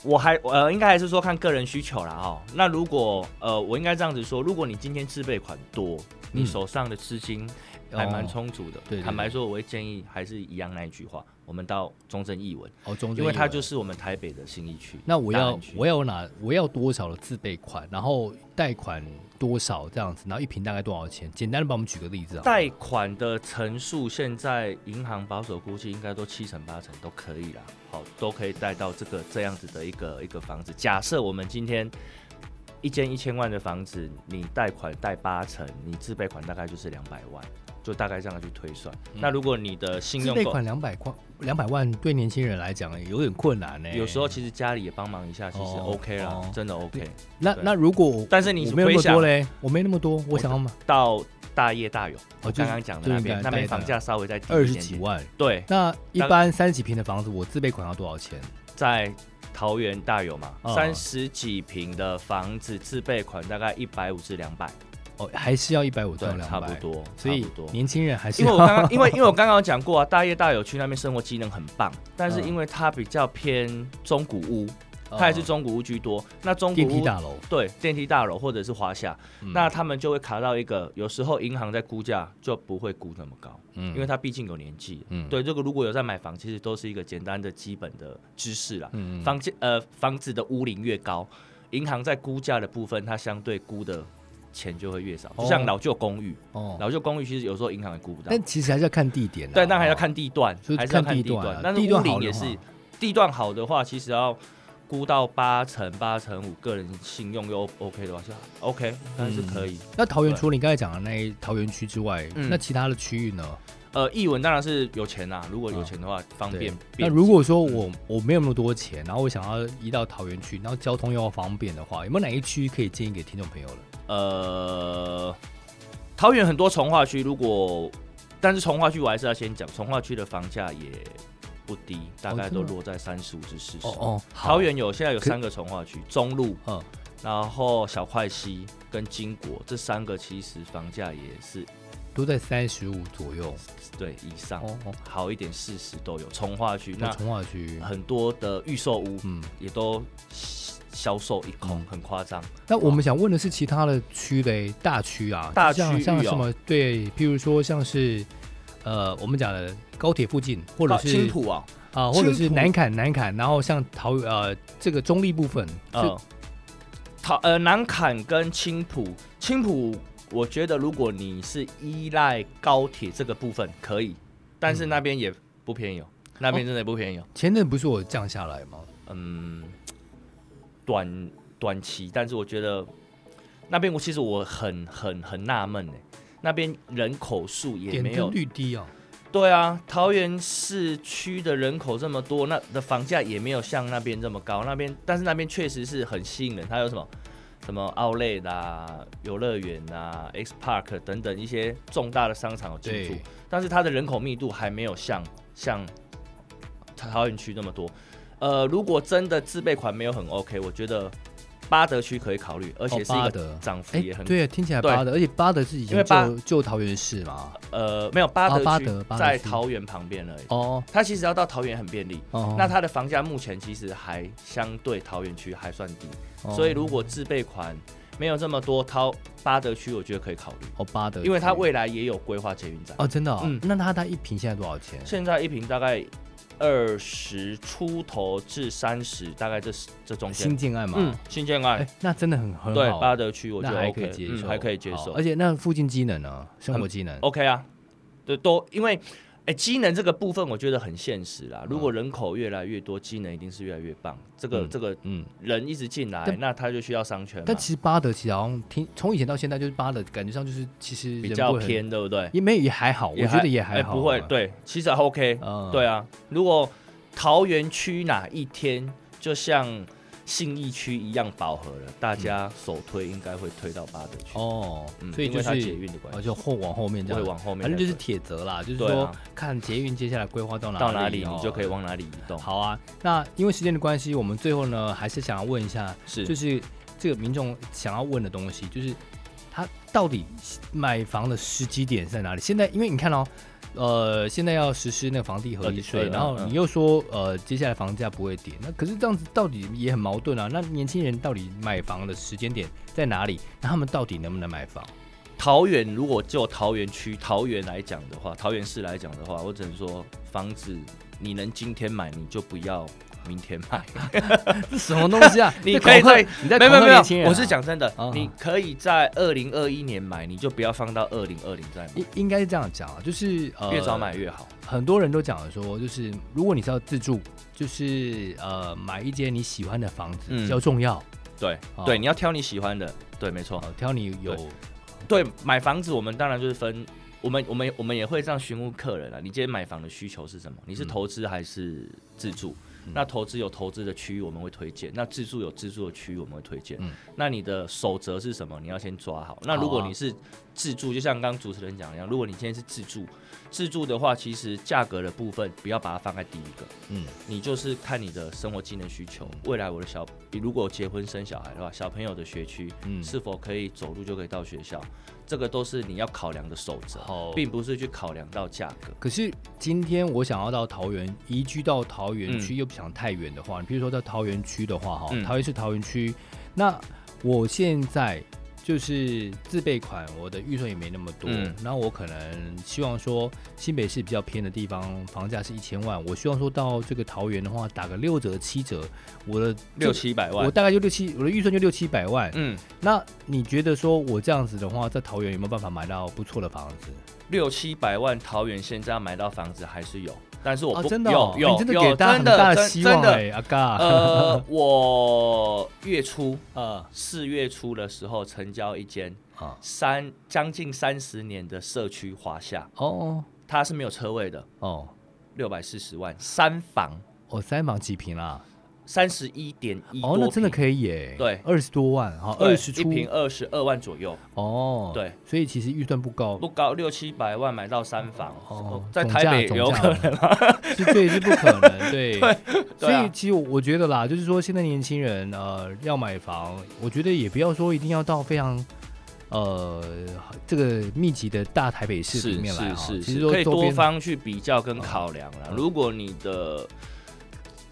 我還呃，應該還是說看個人需求了哦。那如果呃，我應該這樣子說，如果你今天自備款多，你手上的資金還蠻充足的、嗯哦，坦白說，我會建議還是一樣那一句話。我們到中正藝文哦，中正，因為它就是我們台北的信義區。那我要我要哪，我要多少的自備款，然後貸款多少這樣子？然後一坪大概多少錢？簡單的幫我們舉個例子啊。貸款的成數現在銀行保守估計，應該都七成八成都可以了。好，都可以貸到這個這樣子的一個一個房子。假設我們今天一間一千萬的房子，你貸款貸八成，你自備款大概就是兩百萬，就大概這樣去推算。嗯、那如果你的信用自備款兩百塊。兩百萬對年輕人來講有點困難呢、欸。有時候其實家裡也幫忙一下，其實 OK 了，oh, oh. 真的 OK 那。那那如果，但是你沒有那麼多嘞，我沒那麼多，我想要我到大業大有。Oh, 我剛剛講的那邊，那邊房價稍微在二十幾萬。對，那，個、那一般三十幾坪的房子，我自備款要多少錢？在桃園大有嘛，三、嗯、十幾坪的房子自備款大概一百五至兩百。哦，還是要一百五到兩百差不多，差不多。年輕人還是要，因為我剛剛，因為因為我剛剛講過啊，大業大有區那邊生活機能很棒，但是因為它比較偏中古屋，嗯、它也是中古屋居多。嗯、那中古屋電梯大樓，對電梯大樓或者是華夏，嗯，那他們就會卡到一個，有時候銀行在估價就不會估那麼高，嗯、因為它畢竟有年紀，嗯，對，這個如果有在買房，其實都是一個簡單的基本的知識啦，嗯、房價呃，房子的屋齡越高，銀行在估價的部分它相對估的。錢就會越少，哦、就像老舊公寓，哦、老舊公寓其實有時候銀行也估不到。但其實還是要看地點啦、啊。對，那還要看地段，好好還是要看地段。那地、啊、地段好的也是，地段好的話，其實要估到八成、八成五，個人信用又 OK 的話，是 OK，那是可以。嗯、那桃園除了你剛才講的那桃園區之外、嗯，那其他的區域呢？呃，藝文當然是有錢啦、啊。如果有錢的話，啊、方便，便。那如果說我我沒有那麼多錢，然後我想要移到桃園區，然後交通又要方便的話，有沒有哪一區可以建議給聽眾朋友了？呃，桃園很多重劃區，如果但是重劃區我還是要先講，重劃區的房價也不低，大概都落在三十五至四十。哦、哦桃園有現在有三個重劃區，中路嗯，然後小檜溪跟經國，這三個其實房價也是都在三十五左右，對以上、哦，好一點四十都有。重劃區那重劃區很多的預售屋，嗯，也都。銷售一空，嗯、很誇張。那我們想問的是，其他的區的大區啊，哦、大區像，像什麼、哦？對，譬如說像是，呃，我們講的高鐵附近，或者是青埔啊，啊，啊，或者是南崁、南崁、南崁，然後像桃呃這個中壢部分啊，桃、嗯、呃南崁跟青埔，青埔我覺得如果你是依賴高鐵這個部分可以，但是那邊也不便宜哦、嗯，那邊真的也不便宜哦。前陣不是我降下來嗎？嗯。短短期，但是我覺得那邊我其實我很很很納悶呢，那邊人口數也沒有，率低，哦，對啊，桃園市區的人口這麼多，那的房價也沒有像那邊這麼高。那邊，但是那邊確實是很吸引人，它有什麼什麼 outlet 啦、遊樂園啦、X Park 等等一些重大的商場有進駐，但是它的人口密度還沒有像像桃桃園區那麼多。呃，如果真的自備款沒有很 OK，我覺得八德區可以考慮，而且是八德漲幅也很、哦、對、啊、聽起來八德對，而且八德是已經就舊桃園市嘛。呃，沒有八德區在桃園旁邊了。哦、啊，它其實要到桃園很便利。哦、那它的房價目前其實還相對桃園區還算低，哦、所以如果自備款沒有這麼多，桃八德區我覺得可以考慮。哦，八德，因為它未來也有規劃捷運站。哦，真的、哦、嗯。那它它一坪現在多少錢？現在一坪大概。二十出頭至三十，大概這這中間。新建案嘛？嗯，新建案，那真的很很好、啊。對，八德區我覺得、OK，還可以接受，嗯、還可以接受。而且那附近機能呢、啊？生活機能、嗯、OK 啊，對，都因為。哎、欸，機能這個部分我覺得很現實啦。如果人口越來越多，機能一定是越來越棒。這、嗯、個這個，嗯，人一直進來，那他就需要商圈。但其實八德其實好像聽從以前到現在就是八德，感覺上就是其實比較偏，對不對？也沒也還好也還，我覺得也還好、啊欸，不會對，其實還 OK、嗯。對啊，如果桃園區哪一天就像，信義區一樣飽和了，大家首推應該會推到八德區哦、嗯，所以就是捷運的關係，而且後往後面這樣，會往後面。反正就是鐵則啦，就是說、啊、看捷運接下來規劃到哪到哪裡，哪裡你就可以往哪裡移動。好啊，那因為時間的關係，我們最後呢還是想要問一下，是就是這個民眾想要問的東西，就是他到底買房的時機點在哪裡？現在因為你看哦。呃，現在要實施那個房地合一稅，嗯，然後你又說呃，接下來房價不會跌，那可是這樣子到底也很矛盾啊。那年輕人到底買房的時間點在哪裡？那他們到底能不能買房？桃園如果就桃園區、桃園來講的話，桃園市來講的話，我只能說房子你能今天買你就不要。明天買 這是什麼東西啊？ 你可以在，在在在你在沒有沒有，我是講真的、啊，你可以在二零二一年買、嗯，你可以在二零二一年買，嗯，你就不要放到二零二零再買。應應該是這樣講啊，就是越早買越好。很多人都講說，就是如果你是要自住，就是呃，買一間你喜歡的房子比較重要。嗯、對、啊、對，你要挑你喜歡的。對，沒錯、嗯，挑你有對。對，買房子我們當然就是分。我們我們我們也會這樣詢問客人啊，你今天買房的需求是什麼？你是投資還是自住、嗯？那投資有投資的區域我們會推薦，那自住有自住的區域我們會推薦、嗯。那你的守則是什麼？你要先抓好。那如果你是自住、啊，就像剛剛主持人講一樣，如果你今天是自住，自住的話，其實價格的部分不要把它放在第一個。嗯。你就是看你的生活技能需求，未來我的小，如果結婚生小孩的話，小朋友的學區是否可以走路就可以到學校？嗯這個都是你要考量的守則，並不是去考量到價格。可是今天我想要到桃園，移居到桃園區，又不想太遠的話，你、嗯、比如說在桃園區的話，哈、嗯，桃園是桃園區，那我現在。就是自備款，我的預算也沒那麼多，那、嗯、我可能希望說新北市比較偏的地方，房價是一千萬，我希望說到這個桃園的話，打個六折七折，我的、這個、六七百萬，我大概就六七，我的預算就六七百萬。嗯，那你覺得說我這樣子的話，在桃園有沒有辦法買到不錯的房子？六七百萬桃園現在買到房子還是有。但是我不、啊、真的、哦、有有，有、欸、真的，大的，大的、欸、真的真的、啊、呃我月初呃四月初的時候成交一間三啊三將近三十年的社區華廈，哦，它是沒有車位的，哦，六百四十萬三房，哦，三房幾坪啊。三十一點一，哦，那真的可以耶。對，二十多萬，哈，二十出，坪，二十二萬左右。哦，對，所以其實預算不高，不高，六七百萬買到三房，哦，在台北也有可能嗎？是對，是不可能 對，對。所以其實我覺得啦，就是說現在年輕人呃要買房，我覺得也不要說一定要到非常呃這個密集的大台北市裡面來，是是，是其實，可以多方去比較跟考量啦、嗯。如果你的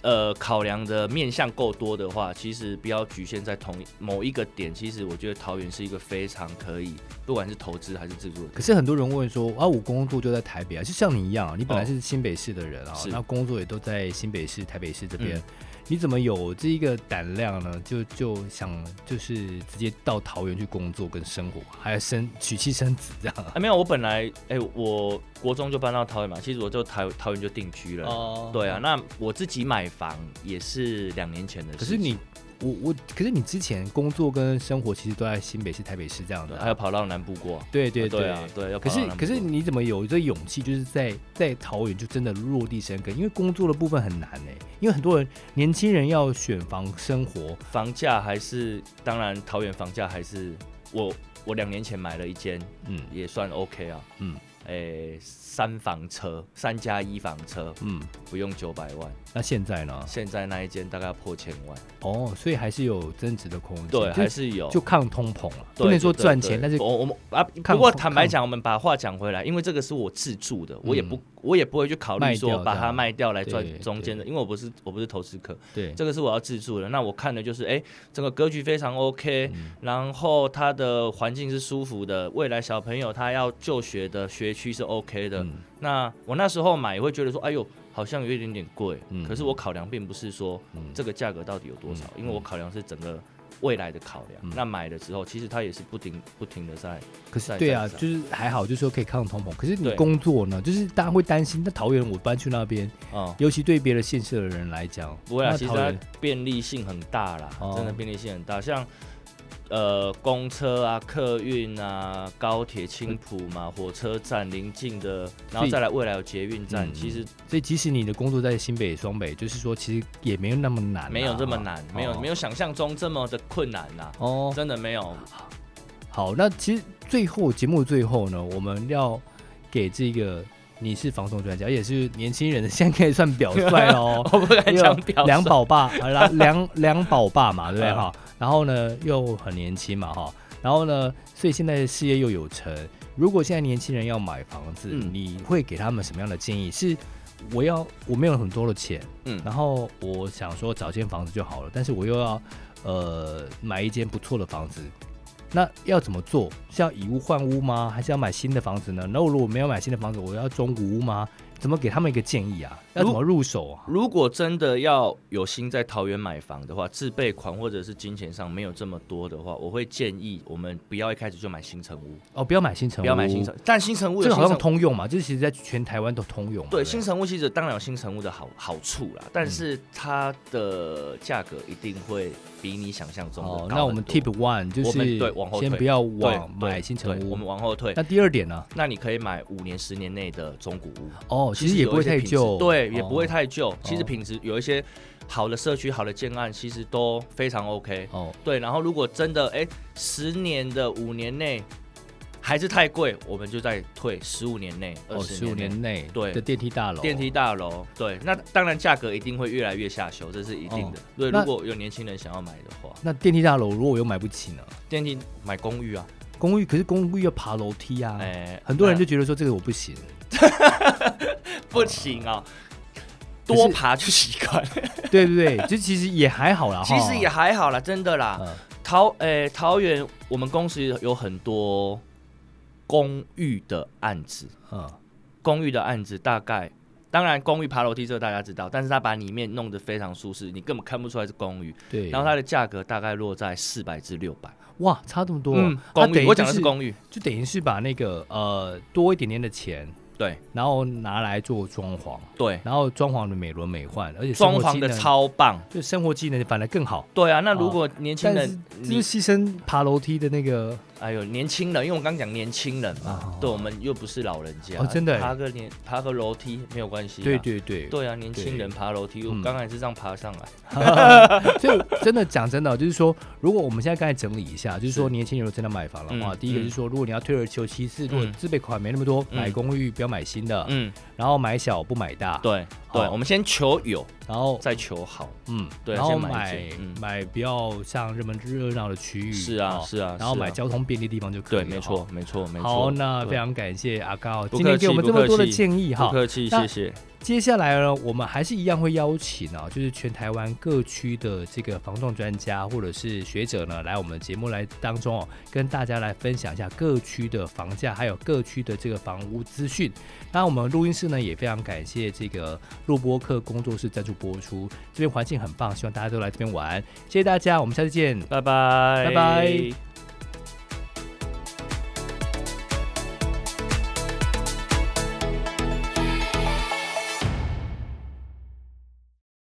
呃，考量的面向夠多的話，其實不要局限在同某一個點。其實我覺得桃園是一個非常可以，不管是投資還是制作。可是很多人問說，啊，我工作就在台北啊，就像你一樣啊，你本來是新北市的人啊，哦，那工作也都在新北市、台北市這邊。嗯你怎麼有這一個膽量呢？就就想就是直接到桃園去工作跟生活，還要生娶妻生子這樣？還、哎、沒有，我本來哎、欸，我國中就搬到桃園嘛，其實我就桃桃園就定居了。哦、oh.，對啊，那我自己買房也是兩年前的事情。可是你。我我，可是你之前工作跟生活其實都在新北市、台北市這樣的、啊，還要跑到南部過。對對對，啊，對啊，對，可是可是你怎麼有這勇氣，就是在在桃園就真的落地生根？因為工作的部分很難呢、欸，因為很多人年輕人要選房生活，房價還是當然桃園房價還是我我兩年前買了一間，嗯，也算 OK 啊，嗯，誒、欸。三房車，三加一房車，嗯，不用九百萬。那現在呢？現在那一間大概要破千萬。哦，所以還是有增值的空間，對，還是有，就抗通膨了，對，不能說賺錢，對對對，但是我們、啊、不過坦白講，我們把話講回來，因為這個是我自住的，我也不。嗯我也不會去考慮說把它賣掉來賺中間的，因為我不是我不是投資客。對，對，這個是我要自住的。那我看的就是，誒、欸，整個格局非常 OK，、嗯、然後它的環境是舒服的，未來小朋友他要就學的學區是 OK 的。嗯、那我那時候買也會覺得說，哎呦，好像有一點點貴。嗯、可是我考量並不是說這個價格到底有多少，嗯、因為我考量是整個。未來的考量，嗯、那買的時候其實它也是不停不停的在，可是對啊，就是還好，就是說可以抗通膨，可是你工作呢，就是大家會擔心。那桃園，我搬去那邊、嗯，尤其對別的縣市的人來講，不會啊，那其實便利性很大啦、哦，真的便利性很大，像。呃，公車啊，客運啊，高鐵青埔嘛，火車站鄰近的，然後再來未來有捷運站、嗯。其實，所以即使你的工作在新北、雙北，就是說，其實也沒有那麼難、啊，沒有這麼難，沒有、哦、沒有想象中這麼的困難吶、啊。哦，真的沒有。好，好那其實最後節目最後呢，我們要給這個你是房仲專家，也是年輕人，現在可以算表率哦。兩兩寶爸，兩兩兩寶爸嘛， 對哈吧。 然後呢，又很年輕嘛，哈。然後呢，所以現在事業又有成。如果現在年輕人要買房子，嗯、你會給他們什麼樣的建議？是我要我沒有很多的錢，嗯，然後我想說找間房子就好了，但是我又要呃買一間不錯的房子，那要怎麼做？是要以屋換屋嗎？還是要買新的房子呢？那我如果沒有買新的房子，我要中古屋嗎？怎麼給他們一個建議啊？要怎麼入手啊？如果真的要有心在桃園買房的話，自備款或者是金錢上沒有這麼多的話，我會建議我們不要一開始就買新成屋哦，不要買新成，不要買新成。但新成屋，新屋這個、好像通用嘛，就是其實在全台灣都通用嘛。對，新成屋其實當然有新成屋的好好處啦，但是它的價格一定會比你想象中的高哦。那我們 tip one 就是我們，對往後退，先不要往對，買新成屋，我們往後退。那第二點呢？那你可以買五年、十年內的中古屋哦。其實也不會太舊，對，也不會太舊、哦。其實品質有一些好的社區、好的建案，其實都非常 OK。哦，對。然後如果真的，哎、欸，十年的五年內還是太貴，我們就再退十五年內，哦，十五年內對的電梯大樓，電梯大樓，對。那當然價格一定會越來越下修，這是一定的。哦、對，如果有年輕人想要買的話，那，那電梯大樓如果我又買不起呢？電梯買公寓啊，公寓，可是公寓要爬樓梯啊，哎、欸，很多人就覺得說，這個我不行。呃 不行、哦、啊，多爬就習慣。對不對，對，就其實也還好啦， 其實也還好啦。真的啦。桃、嗯、誒，桃園、欸、我們公司有很多公寓的案子，嗯，公寓的案子大概，當然公寓爬樓梯這個大家知道，但是他把裡面弄得非常舒適，你根本看不出來是公寓。對，然後它的價格大概落在四百至六百，哇，差這麼多，啊嗯，公寓、啊、我講的是公寓，就等於是把那個呃多一點點的錢。對，然後拿來做裝潢，對，然後裝潢的美輪美奐，而且裝潢的超棒，就生活機能反而更好。對啊，那如果年輕人就、哦、是犧牲爬樓梯的那個。哎呦，年輕人，因為我剛剛講年輕人嘛，哦哦對，我們又不是老人家，哦、真的爬個年爬個樓梯沒有關係。對對對對啊，年輕人爬樓梯，我剛才也是這樣爬上來。嗯 啊、所以真的講真的，就是說，如果我們現在剛才整理一下，是就是嗯、一就是說，年輕人真的買房的話，第一個是說，如果你要退而求其次，嗯，如果自備款沒那麼多，嗯，買公寓不要買新的，嗯，然後買小不買大，對。對，我們先求有，然後再求好。嗯，對。然後先買買、嗯、買比較像熱門熱鬧的區域，是啊、喔，是啊。然後買交通便利地方就可以了。對，沒錯、喔，沒錯。好，沒錯，沒錯，那非常感謝阿高，今天給我們這麼多的建議哈。不客氣，謝謝。接下來呢，我們還是一樣會邀請啊、哦，就是全台灣各區的這個房仲專家或者是學者呢，來我們的節目來當中哦，跟大家來分享一下各區的房價，還有各區的這個房屋資訊。那我們錄音室呢，也非常感謝這個錄播客工作室贊助播出，這邊環境很棒，希望大家都來這邊玩。謝謝大家，我們下次見，拜拜，拜拜。